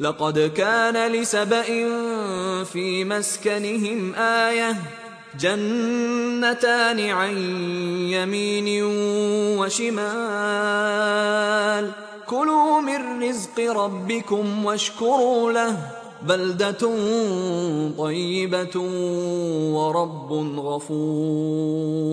لقد كان لسبإ في مسكنهم آية جنتان عن يمين وشمال كلوا من رزق ربكم واشكروا له بلدة طيبة ورب غفور